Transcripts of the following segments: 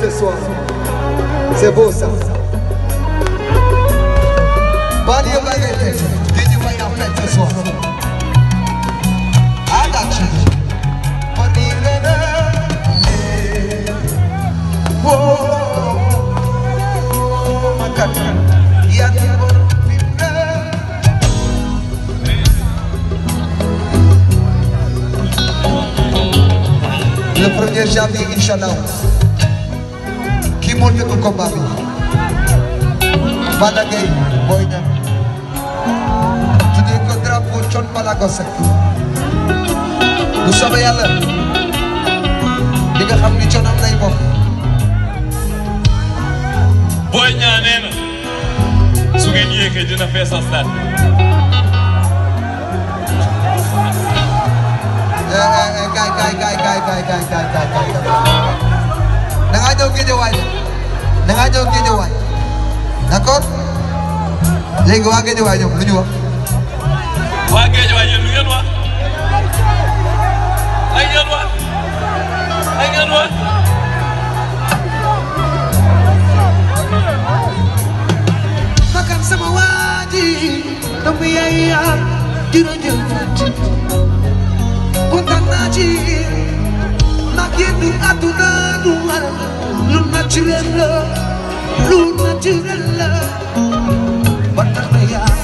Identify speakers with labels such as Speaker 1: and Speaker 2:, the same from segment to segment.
Speaker 1: ce soir. C'est beau ça. Banlieue la répète, Didi Mbaye en fête ce soir. Adachi. Oh, oh, oh, Le 1er janvier, Inch'Allah. moo tëgg combat bi Balla Gaye Boy Niang tuddee ko drapeau Thione Ballago Seck bu soobee yàlla di nga xam ni Thione am nay bokk Boy Niang nee na su ngeen yéegee fees a stade gaay gaay gaay gaay gaay gaay da ngaa ñëw Guédiawaye d'accord léegi waa Guédiawaye ñoom lu ñu wax. waa Guédiawaye yéen lu ngeen wax ay ngeen wax ay ngeen wax. bakkan sama waa ji doomu yaay yaa jërëjëf kontaan naa ci nag yéen du àdduna du war lu naturel la. lu naturel la ba tax na yaa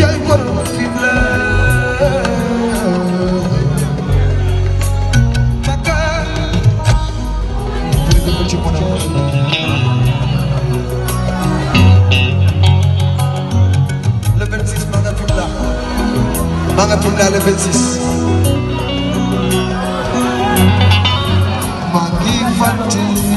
Speaker 1: yaay borom fi la Maka dina ko ci mën a wax le 26 maa nga tudd laa maa nga tudd laa le 26 maa ngi fàttali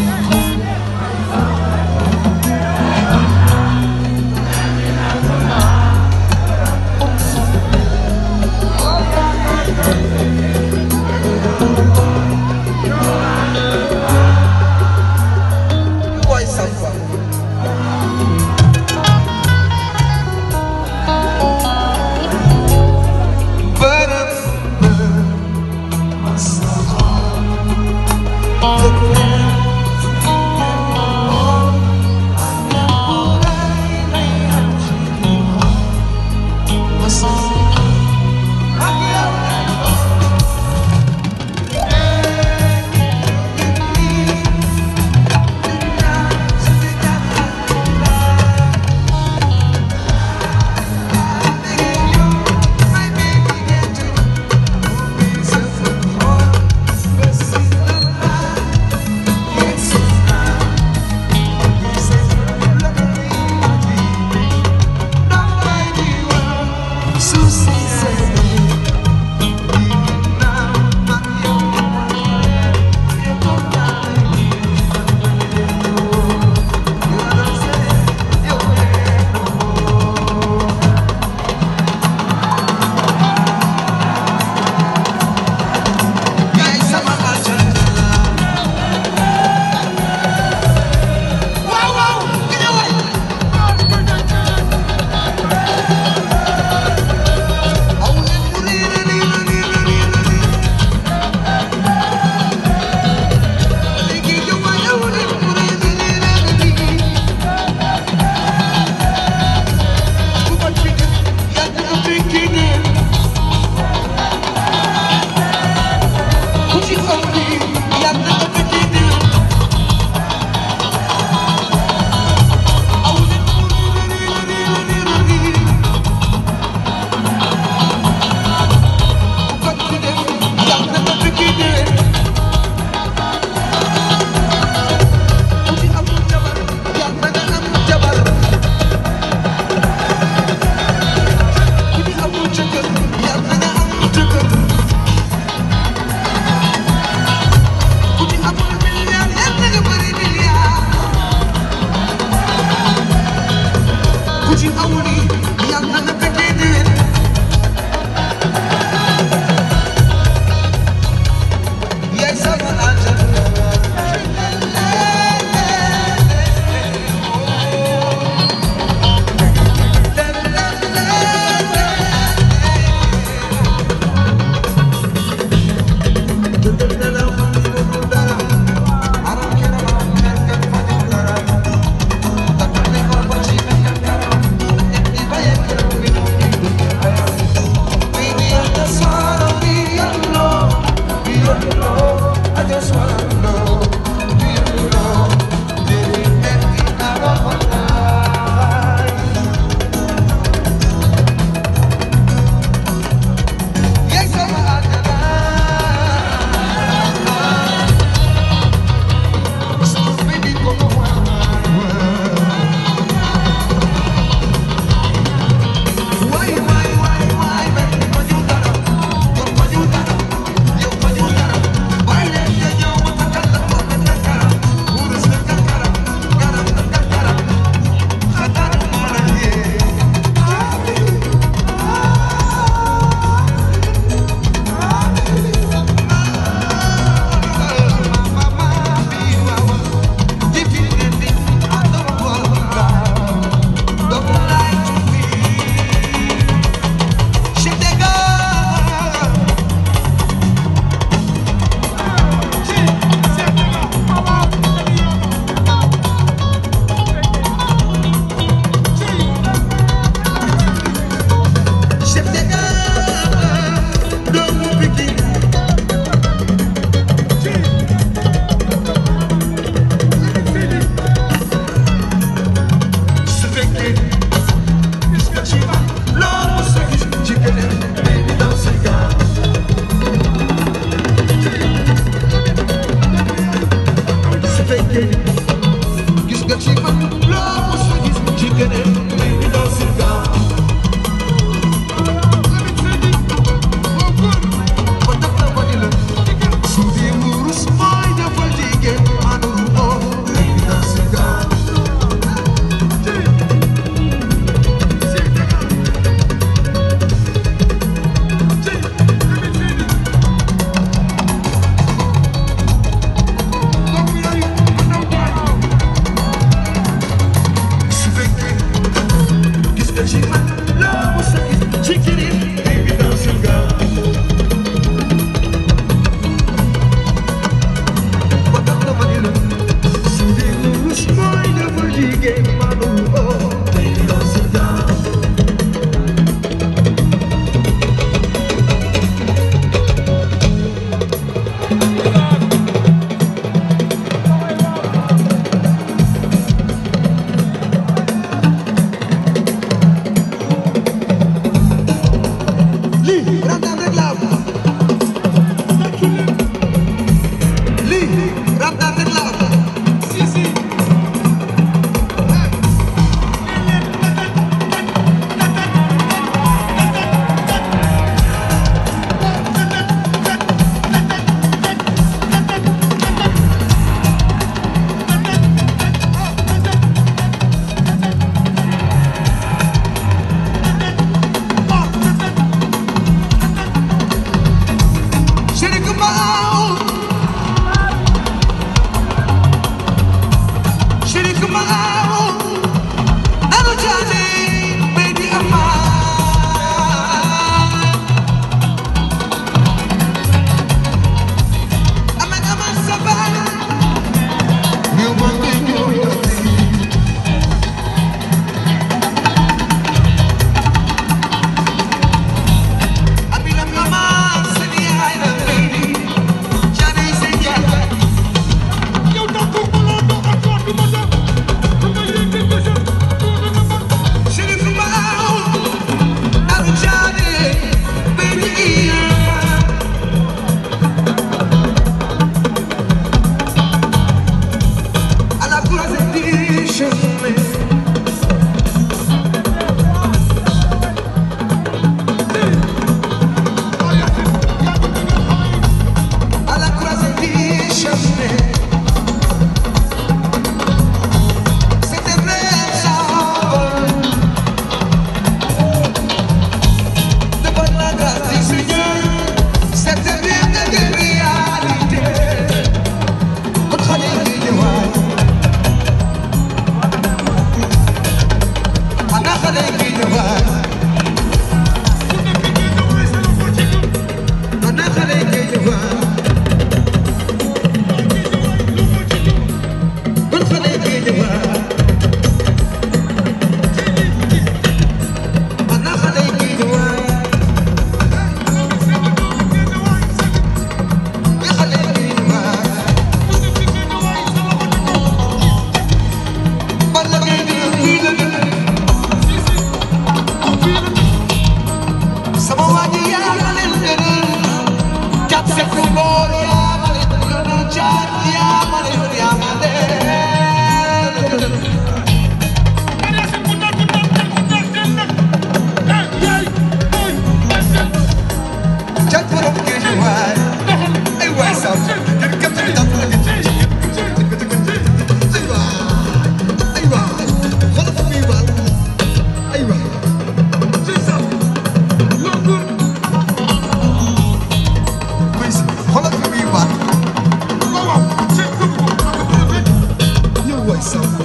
Speaker 1: coração.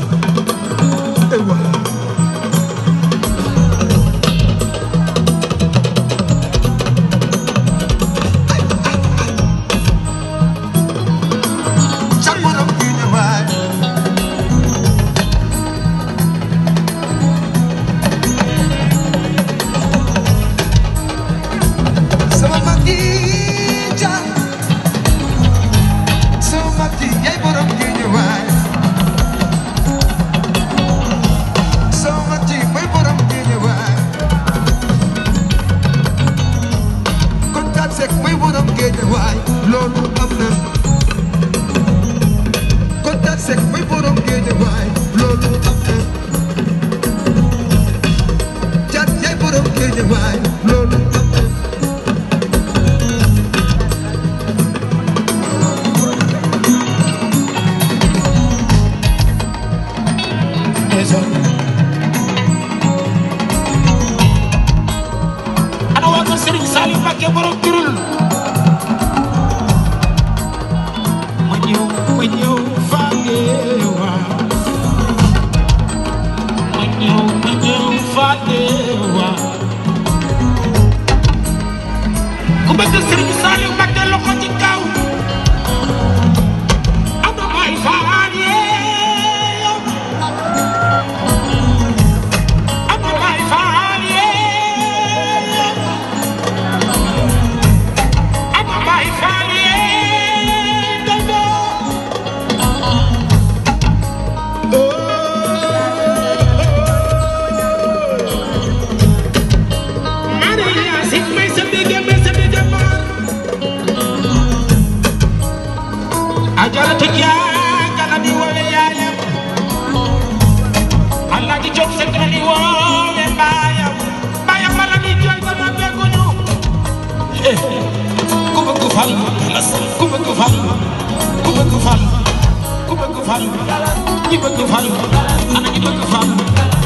Speaker 1: mine. fal ku bëgg fal ku bëgg fal ku bëgg fal ñi bëgg fal ana ñi bëgg fal